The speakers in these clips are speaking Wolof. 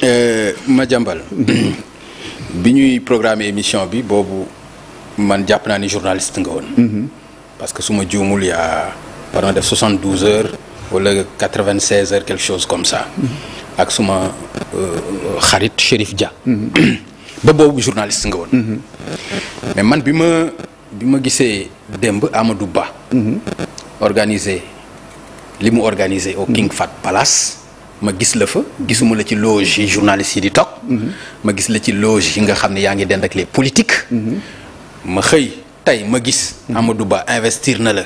Euh, ma jàmbal bi ñuy programme émission bi boobu man jàpp naa ni journaliste nga woon. Mhm. parce que su ma juumul yaa pardon def soixante douze heures wala quatre vingt seize heures quelque chose comme ça. Mhm. ak suma euh, xarit Chérif Dia. Mhm. ba boobu journaliste nga woon. mais man bi ma bi ma gisee démb Amadou Ba. organiser li mu organiser au King Fahd Palace. ma gis la fa gisuma la ci loge yi journaliste yi di toog mhm. ma gis la ci loge yi nga xam ne yaa ngi den ak les politiques mhm. ma xëy tey ma gis mhm. Amadou Ba investir na la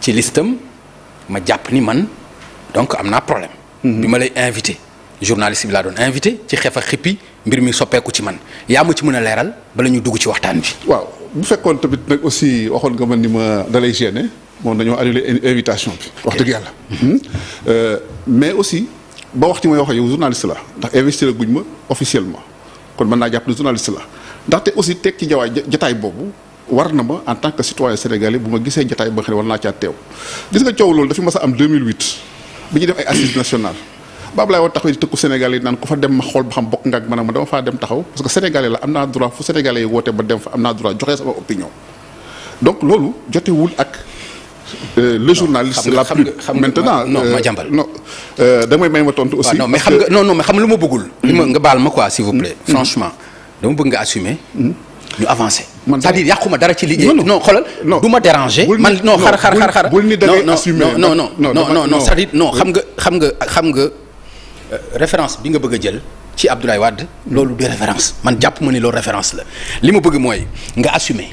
ci listam ma jàpp ni man donc am naa problème bi ma lay invité journaliste bi laa doon invité ci xef a xippi mbir mi soppeeku ci man yaa ma ci mën a leeral bala ñu dugg ci waxtaan bi waaw bu fekkoon tamit nag aussi waxoon nga man ni ma dalay gêné moom dañoo annulé invitation bi wax dëgg yàlla euh, ba waxtu may wax ak yow journaliste la ndax investir guñ ma officiellement kon mën naa jàpp ne journaliste la ndaxte aussi teg ci jawaay jataay boobu war na ma en tant que citoyen sénégalais bu ma gisee jataay ba nga xam war naa caa teew gis nga coow loolu dafa a am 2008 bi ñu def ay assises nationales ba ku fa dem ma xool ba xam bokk nga ak man ma dama faa dem taxaw parce que sénégalais la am naa droit fu sénégalais woote ba dem fa am naa droit joxe sama opinion donc loolu jotewul ak euh, le journaliste la plus Euh, da may may ma tontu aussi. non mais xam nga non xam nga lu ma bëggul. Hmm. li ma nga baal ma quoi s'il vous plaît. Hmm. franchement dama bëgg nga assumer. Hmm. ñu avancer. man cest yàquma dara ci liggéey. non non xoolal du ma déranger. man non xar xar xar xar. bul ni da ngay assumer non non non non non euh. xam nga xam nga xam nga euh, référence bi nga bëgg jël. ci Abdoulaye Wade loolu du référence man jàpp ma ni loolu référence la li ma bëgg mooy nga assumer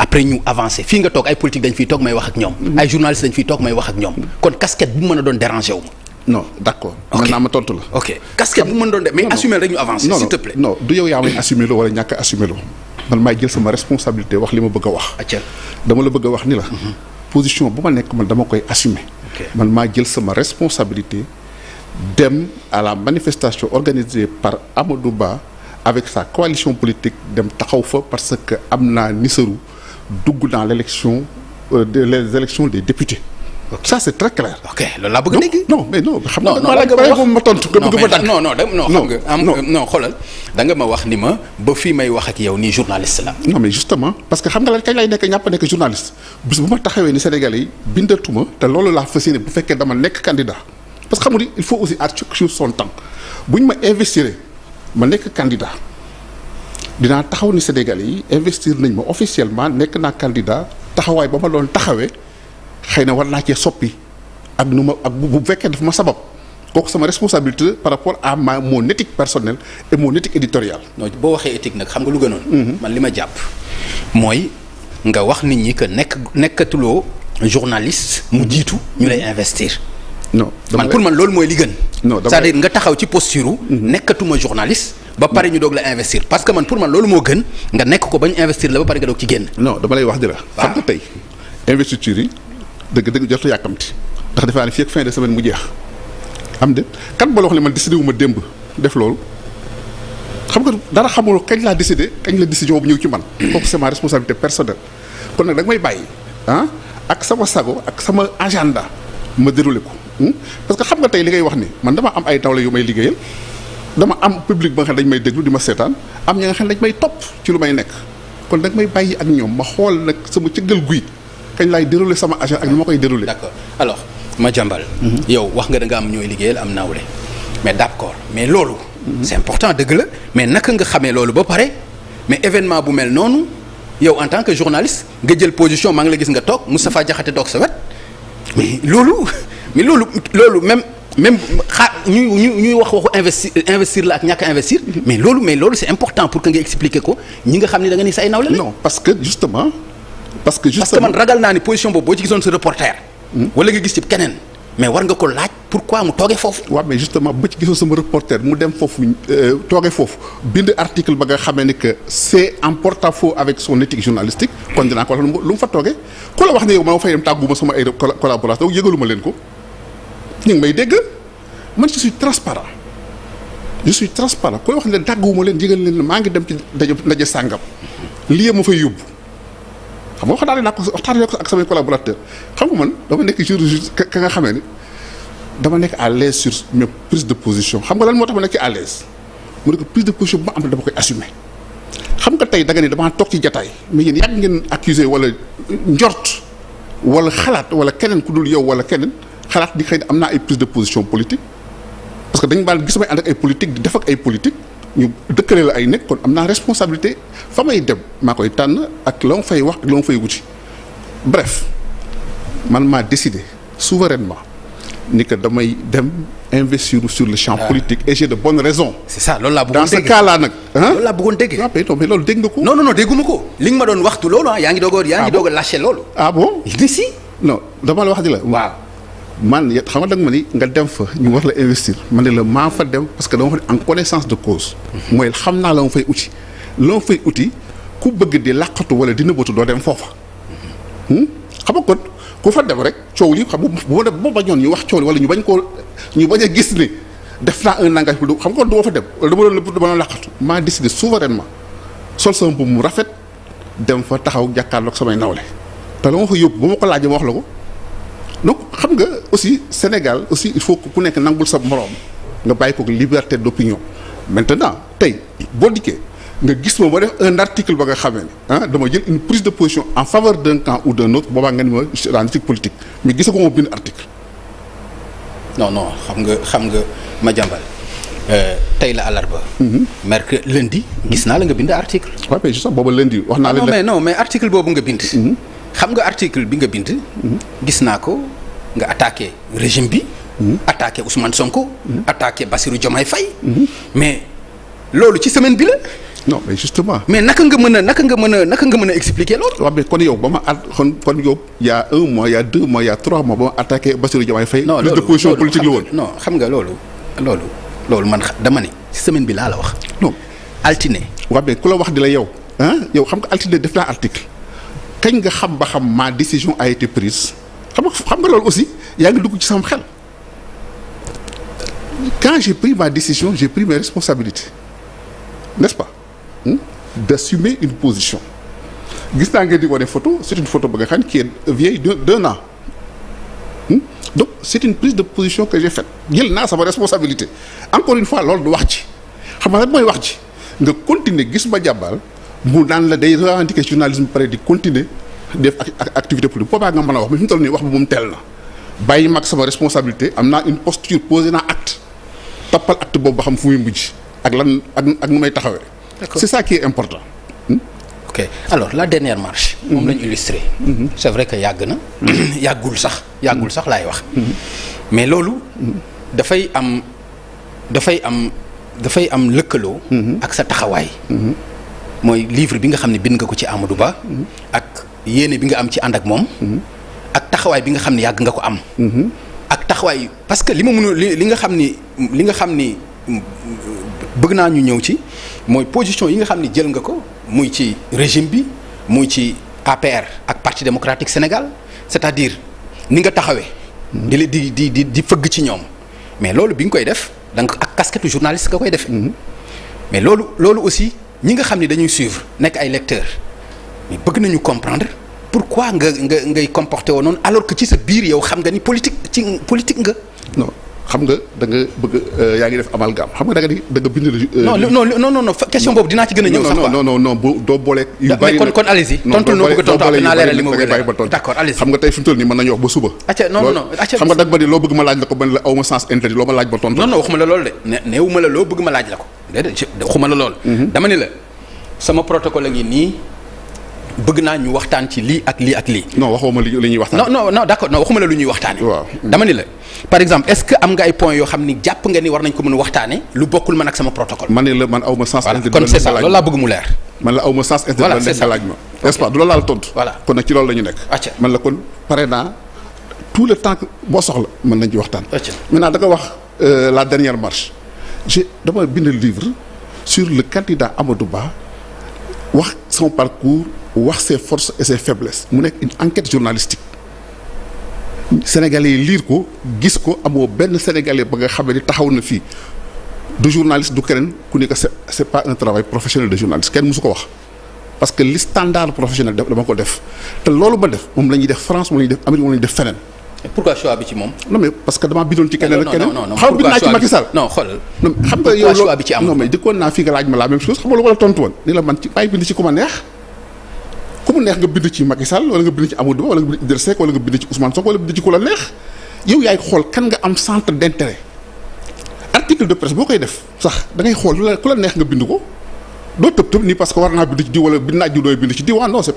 après ñu avancer fii nga toog ay politique dañ fiy toog may wax ak ñoom. ay journalistes dañ fiy toog may wax ak ñoom kon casquette bu mën a doon déranger wu ma. non d' accord. ok maintenant ma tontu la. ok casquette bu mën doon def mais assumer rek ñu avancer. s' il te du yow yaa may assumer loo wala ñàkk a assumer loo man maa jël sama responsabilité wax li ma bëgg a wax. dama la bëgg a wax ni la. Mhm. position bu ma nekk ma dama koy assumer. man maa jël sama responsabilité dem à la manifestation organisée par Amadou Ba avec sa coalition politique dem taxaw fa parce que am naa nisaru dugg dans l' élection euh, des élections des députés. ça c'est très clair. ok loolu laa bëgg a mais non xam nga da ma xam nga am non xoolal ma wax ni ma ba fii may wax ak yow nii journaliste la. no mais justement parce que xam nga lan kañ lay nekk ñàpp nekk journaliste bis bu ma taxawee ni Sénégalais yi bindatuma te loolu laa fas bu fekkee dama nekk candidat parce que xam nga il faut aussi à chaque son temps bu ma investir ma nekk candidat dinaa taxaw ni Sénégalais yi investir nañ ma officiellement nekk naa candidat taxawaay ba ma doon taxawee. xëy na war naa cee soppi ak nu ma ak bu fekkee daf ma sabab kooku sama responsabilité par rapport à ma mon éthique personnelle et mon éthique éditoriale. non boo waxee éthique nag xam nga lu gënoon. Mm-hmm. man li ma jàpp mooy nga wax nit ñi que nekk nekkatuloo journaliste mu mm-hmm. jiitu ñu lay mm-hmm. investir. non man pour man loolu mooy li gën. non c'est-à-dire nga taxaw ci posture nekkatuma journaliste. ba pare ñu doog la investir parce que man pour man loolu moo gën nga nekk ko bañ investir la ba pare nga doog ci génn. dama lay wax dara. xam nga tey investiture yi. dëgg dëgg jot yàkkamti ndax defe naa ne ak fin de semaine mu jeex am de kan boo la wax ne man décidé wu ma démb def loolu xam nga dara xamul kañ laa décidé kañ la décision bu ñëw ci man kooku c'est ma responsabilité personnelle kon nag da nga ah ak sama sago ak sama agenda ma déroulé ko hmm? parce que xam nga tey li ngay wax ni man dama am ay nawle yu may liggéeyal dama am public ba nga dañ may déglu di ma seetaan am ña nga dañ may topp ci lu may nekk kon da nga may bàyyi ak ñoom ma xool nag sama cëggal guy kañ laay déroulé sama agenda ak nu ma koy déroulé. d'accord ma jàmbal mhm. yow wax nga danga am ñooy liggéeyal am nawle mais d'accord mais loolu. Mhm. c'est important dëgg la mais naka nga xamee loolu ba pare mais événement bu mel noonu yow en tant que journaliste nga jël position maa ngi la gis nga toog Moustapha Diakhaté toog sa wet loolu mais loolu loolu même. même xaa ñuy ñu ñuy wax waxu investir investir la ak ñàkk investir mhm. mais loolu mais loolu c'est important pour que nga expliquer ko ñi nga xam ne da nga say nawle la non parce que justement parce que justement parce que man ragal naa ni position boobu boo ci gisoon sa reporter. Hmm? wala nga gis ci keneen. mais war nga ko laaj pourquoi mu toogee foofu. waaw mais justement ba ci gisoo sama reporter mu dem foofu euh, toogee foofu bind article ba nga xamee ni que c'est en porte à avec son éthique journalistique kon dinaa ko wax lu mu fa toogee ku la wax ne yow ma fay dem tàggu ma ay collaborateur yëgalu ko ñu ngi may dégg man je suis transparent je suis transparent ku la wax ne tàgguwuma leen yëgal maa ngi dem ci daje ndaje sàngam lii ma fay yóbbu. xam nga waxtaanee naa ko waxtaanee ko ak samay man dama nekk jour ka nga dama nekk à l'aise sur mes de position xam nga lan moo tax ma nekk à l'aise mu ne ko prise de position xam nga tey da nga ne damaa toog ci jataay mais yéen yàgg ngeen accusé wala njort wala xalaat wala keneen ku dul yow wala keneen xalaat di xëy ne am naa ay prise de position politique parce que dañu baal gis may ànd ak ay politique di def ak ay politique ñu dëkkale la ay nekk kon am naa responsabilité fa may dem maa koy tànn ak la ma fay wax ak la ma fay wuti bref man maa décidé souverainement ni que damay dem investir sur le champ ah. politique et j'ai de bonnes raisons. c'est ça loolu laa bëggoon dégg dans ce cas là nag. loolu laa ah, dégg. nga ko. noonu non non dégguma ko. li nga ma doon waxtu loolu ah yaa ngi doog a. yaa ngi ah doog a lâché loolu. ah bon. si. non dama la wax di la. waaw. man xam nga da nga ma ni nga dem fa ñu wax la investir man ne la maa fa dem parce que dama fa en connaissance de cause. mooy xam naa la ma fay uti. la ma fay uti ku bëgg di làqatu wala dina nëbbatu doo dem foofa. Hmm? xam nga kon ku fa dem rek coow li xam bu ba bu bañoon ñu wax coow wala ñu bañ koo ñu bañ a gis ni def naa un langage xam nga kon du ma fa dem wala dama doon dama doon làqatu. maa décidé souverainement sol sama mbubb mu rafet dem fa taxaw jàkkaarloog samay nawle te la ma fa yóbbu ba ma ko laaj ma wax la ko. donc xam nga aussi Sénégal aussi il faut que ku nekk nangul sa moroom nga bàyyi ko liberté d'opinion maintenant tey boo dikkee nga gis ma ma def un article ba nga xamee ne ah dama jël une prise de position en faveur d'un camp ou d'un autre boobaa nga ni ma analytique politique mais gis ko ma bind article non no xam nga xam nga ma jàmbal euh, tey la alarba. Mhm. merc lundi. gis naa la nga bind article. waaw mais je booba lundi wax naa ah la. non mais non boobu nga bind. Mhm. xam nga article bi nga bind. gis naa ko nga attaqué régime bi. attaqué Ousmane Sonko. attaqué Bassirou Diomaye fay mais loolu ci semaine bi la. non mais justement. mais naka nga mën a naka nga mën a naka nga mën a expliquer loolu. waaw mais kon yow ba ma at kon kon yow y' a un mois y' a deux mois y' a trois mois ba ma attaqué Bassirou Diomaye Faye. non loolu position politique woon. non xam nga loolu. loolu loolu man dama ne. ci semaine bi laa la wax. non altine. waaw mais ku la wax di la yow. ah yow xam nga def naa kañ nga xam ba xam ma décision a été prise xam nga xam nga loolu aussi yaa ngi dugg ci sama xel quand j'ai pris ma décision j'ai pris mes responsabilités n'est-ce pas hmm? une position gis naa nga di wane photo c'est une photo ba nga xam qui est vieille d'un an hmm? donc c'est une prise de position que j'ai jël naa sama responsabilité encore une fois loolu du wax ci xam nga lan wax ci nga continuer gis ba jàmbaal mu naan la day revendiquer journalisme pare di continuer def activité politique boobaa nga mën a wax mais fi mu toll nii wax bi moom teel na bàyyi mag sama responsabilité am naa une posture posé naa acte tappal act boobu ba xam fu muy mujj ak lan ak ak nu may taxawee. c'est ça qui est important. Hmm? ok alors la dernière marche. moom hmm. lañu illustré. Hmm. c'est vrai que yàgg na. yàggul sax yàggul sax laay wax. mais loolu. dafay am dafay am dafay am lëkkaloo. ak sa taxawaay. mooy livre bi nga xam ne bind nga ko ci Amadou Ba ak yéene bi nga am ci ànd ak moom ak taxawaay bi nga xam ne yàgg nga ko am ak taxawaay parce que li ma mënu li nga xam ni li nga xam ni bëgg naa ñu ñëw ci mooy position yi nga xam ni jël nga ko muy ci régime bi muy ci APR ak Parti démocratique Sénégal c'est-à-dire ni nga taxawee di di di di di fëgg ci ñoom mais loolu bi nga koy def da nga ak casquette journaliste nga koy defee mm-hmm. mais loolu loolu aussi ñi nga xam ni dañuy suivre nekk ay lecteurs mais bëgg nañu comprendre pourquoi nga nga ngay comporté woon noonu alors que ci sa biir yow xam nga ni politique ci politique nga. non xam nga da euh, a ñëw. bari a a loo bëgg ma laaj la ko ba la aw sens interdit loo ma laaj ba tontu. non waxuma la loolu de. ne la loo bëgg ma laaj la ko déedéet la lool. Mhm. dama ne la sama protocole a ngi nii bëgg naa ñu waxtaan ci lii ak lii ak lii. non waxuma lu ñuy waxtaan. non non non d'accord waxuma la lu ñuy waxtaanee. waaw dama ne la par exemple est-ce que am nga ay points yoo xam ni jàpp nga ni war nañ ko mën a waxtaanee lu bokkul man ak sama protocole. man ne la man aw ma sens. interdit kon c'est ça loolu laa bëgg mu leer. ma sens ce pas du loolu laal tontu. kon nag ci loolu la nekk. man la kon pare naa tout le temps que boo soxla mën nañ ci waxtaan. acca maintenant da nga wax euh, la dernière marche j'ai dama bind livre sur le candidat Amadou Ba wax son parcours wax ses forces et ses faiblesses mu nekk une enquête journalistique sénégalais yi lire ko gis ko amoo benn sénégalais ba nga xamee ni taxaw na fii du journaliste du keneen ku ni que c'est pas un travail professionnel de journaliste kenn musu ko wax parce que li standard professionnel dama ko def te loolu ma def moom la ñuy def France moom la ñuy def Amérique moom la def feneen pourquoi choix bi ci moom. non mais parce que damaa bindoon ci keneen keneen. xam nga bind naa ci nga yow choix ma la même chose xam nga lu ma la tontu woon. ni la ci bind ci ku ma neex ku mu neex nga bind ci Macky Sall wala nga bind ci Ba wala nga bind ci Idrissa Seck nga bind ci Ousmane Sonko wala bind ci ku la neex yow yaay xool kan nga am centre d'intérêt article de presse boo koy def sax da ngay xool ku la neex nga bind ko. doo tëb tëb nii parce war naa bind ci diw wala bind naa jiw dooy bind ci diw ah non c'est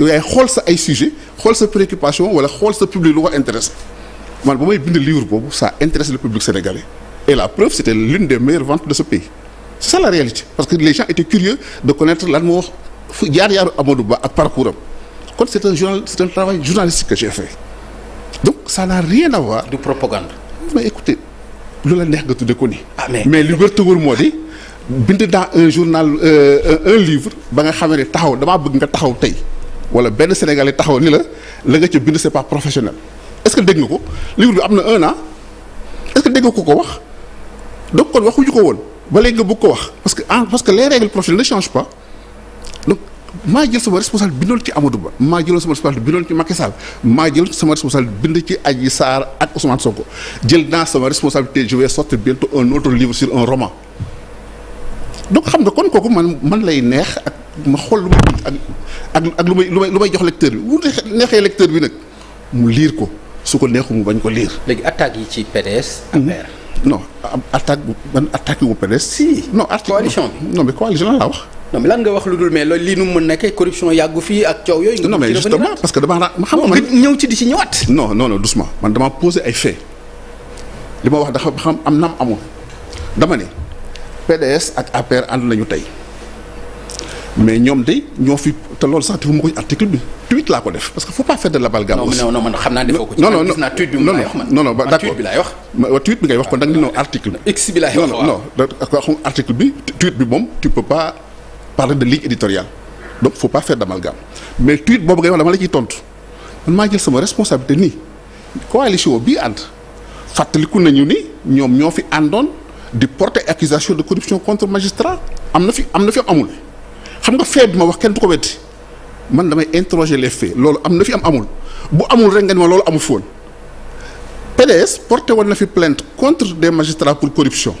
yow yaay xool sa ay sujet xool sa préoccupation wala xool sa public lu ko intéressé man ba may bind livre boobu ça intéresse le public sénégalais et la preuve c'était l'une des meilleures ventes de ce pays c'est ça la réalité parce que les gens étaient curieux de connaître lan moo wax fu jaar-jaaru Amadou Ba ak parcours am kon c'est un journal c'est un travail journalistique que j'ai fait donc ça n'a rien à voir. propagande. mais écoutez lu la neex nga tudde ko nii. Ah, mais li wër moo di bind dans un journal euh, un ba nga xamee ne taxaw damaa bëgg nga taxaw tey. wala benn sénégalais taxaw ni la la nga ca bind c'est pas professionnel est-ce que dégg nga ko livre bi am na un an est-ce que dégg ko ko wax donc kon waxuñu ko woon ba léegi nga bëgg ko wax parce que en ah, parce que les règles professionnelles ne changent pas donc maa jël sama responsable bindoon ci amatu Ba maa jëloon sama responsable bindoon ci Macky Sall maa jël sama responsable bind ci Adji Sarr ak Ousmane ko jël naa sama responsabilité je vais sortir bientôt un autre livre sur un donc xam nga kon kooku man man lay neex ak ma xool lu may ak ak ak lu may lu may lu may jox lecteur bi bu neexee lecteur bi nag mu liir ko su ko neexu mu bañ ko liir. léegi attaques yi ci PDS. affaire hmm. non attaque ban attaque wu PDS. si non article coalition bi non mais coalition laa wax. non mais lan nga wax lu dul mais loolu lii nu mu nekkee corruption yàggu fii ak coow yooyu. non justement parce que damaa ma xam nga ñëw ci di si ñëwaat. no non non ma man damaa poser ay faits li ma wax dafa xam am naam amul dama ne. PDS ak APR ànd nañu tey mais ñoom de ñoo fi te loolu sax defuma ko ci article bi tweet laa ko def parce que faut pas faire de l'amalgame aussi non non man xam naa defoo ko ci non non non non non ah, d'accord bi laay wax wa tweet bi ngay wax kon da nga ni non article x bi laay wax non non xam article bi tweet bi moom tu peux pas parler de ligne éditoriale donc faut pas faire d'amalgame mais tweet boobu ngay wax dama la ciy tontu man maa jël sama responsabilité nii coalition bii ànd fàttaliku nañu ni ñoom ñoo fi àndoon di porter accusation de corruption contre magistrat am na fi am na fi amul xam nga fee bi wax kenn du ko weddi man damay interroger les faits loolu am na fi am amul bu amul rek nga ni ma loolu amul foon PDS porté woon na fi plainte contre de magistrats pour corruption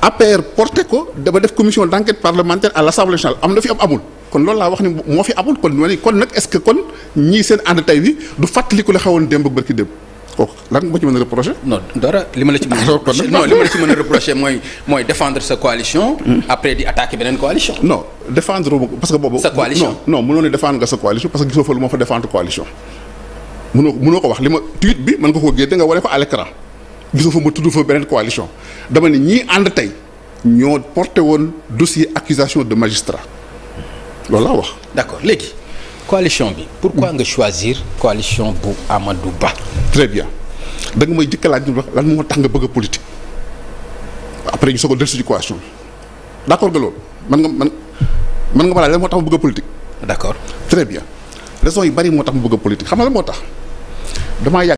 APR porté ko dama def commission d'enquête parlementaire à l'Assemblée nationale am na fi am amul kon loolu laa wax ni moo fi amul kon ma ni kon nag est-ce que kon ñii seen ànd tey wi du fàttaliku la xewoon démb ak bërki démb kooku oh, lan nga ci mën a reprocher. non li ma la ci mën a. non li a reprocher mooy mooy défendre sa coalition. Hmm? après di attaquer beneen coalition. non défendre parce que boobu. sa coalition non non mënoon défendre nga sa coalition parce que gisoo fa lu ma fa défendre coalition. mënoo mënoo ko wax li ma tweet bi mën nga koo génne nga wane ko à l'écran gisoo fa ma tudd fa beneen coalition dama ne ñii ànd tey ñoo porté woon dossier accusation de magistrat loolu laa wax. d'accord léegi. coalition bi pourquoi nga choisir coalition bu Amadou Ba. très bien da nga may jëkk laaj ñu wax lan moo tax nga bëgg a politique après ñu soog a dellu si coalition bi d' accord nga loolu man nga man man nga ma laaj lan moo tax ma bëgg a politique. d' accord très bien raison yu bari moo tax ma bëgg a xam nga la moo tax damaa yàgg